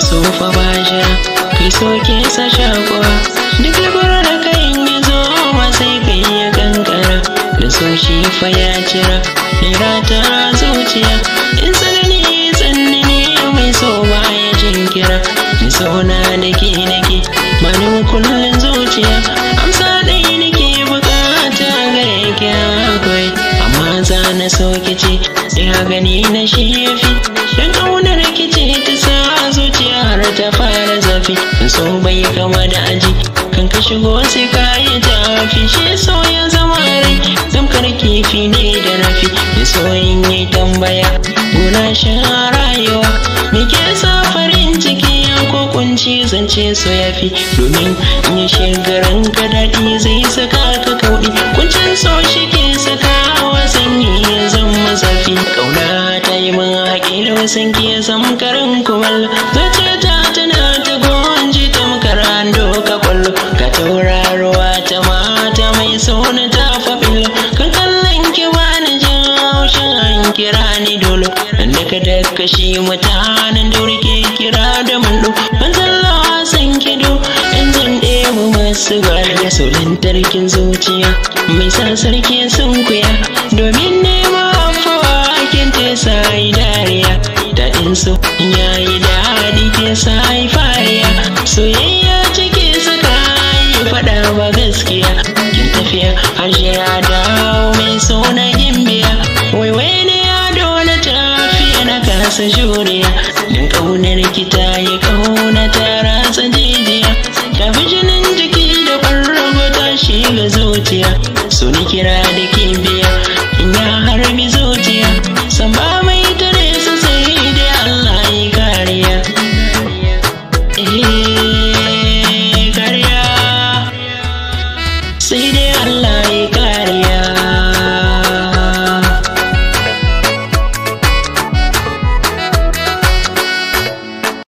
so fa baja kai so ke sa shakwa duk labar da kayan ya zo wa sai kai ya kankara da so shi fa ya cira lira ta zuciya in tsanani tsanani mai so ba ya jinkira ni so na nake nake ba kullun zuciya amsa ɗaya nake bukata ga yake akwai amma za na so kici ya gani na shi ya fi don ƙaunar kici ta sa Sau bai kama da aji kan ka shigo sai ka yi tafi shi so ya zama rai zamkar kifi ne da rafi ya so in yi tambaya guna shi rayuwa me ke sa farin ciki ya ko kunci zance so ya fi domin in yi shigaran ka daɗi zai saka ka kauɗi kuncin so shi ke saka wasanni ya zama zafi kauna ta yi min haƙi da wasan zama karin kumal zuciya kashi mutanen da ke kira da mundu manzallawa san kido ɗan zanɗe mu masu gwari su lantarkin zuciya mai sa sarki sun kuya domin nema afuwa kin ce sa dariya daɗin su ya yi daɗi ke sa fariya soyayya ciki suka yi faɗa ba gaskiya kin tafiya har jiya da na kasa juriya don ƙaunar ki ya yi ta rasa jijiya fi jinin jiki da ƙwarrago ta shiga zuciya so ni kira da kibiya in ya harbi zuciya san ba mai tare su sai dai Allah yi kariya eh kariya sai dai Allah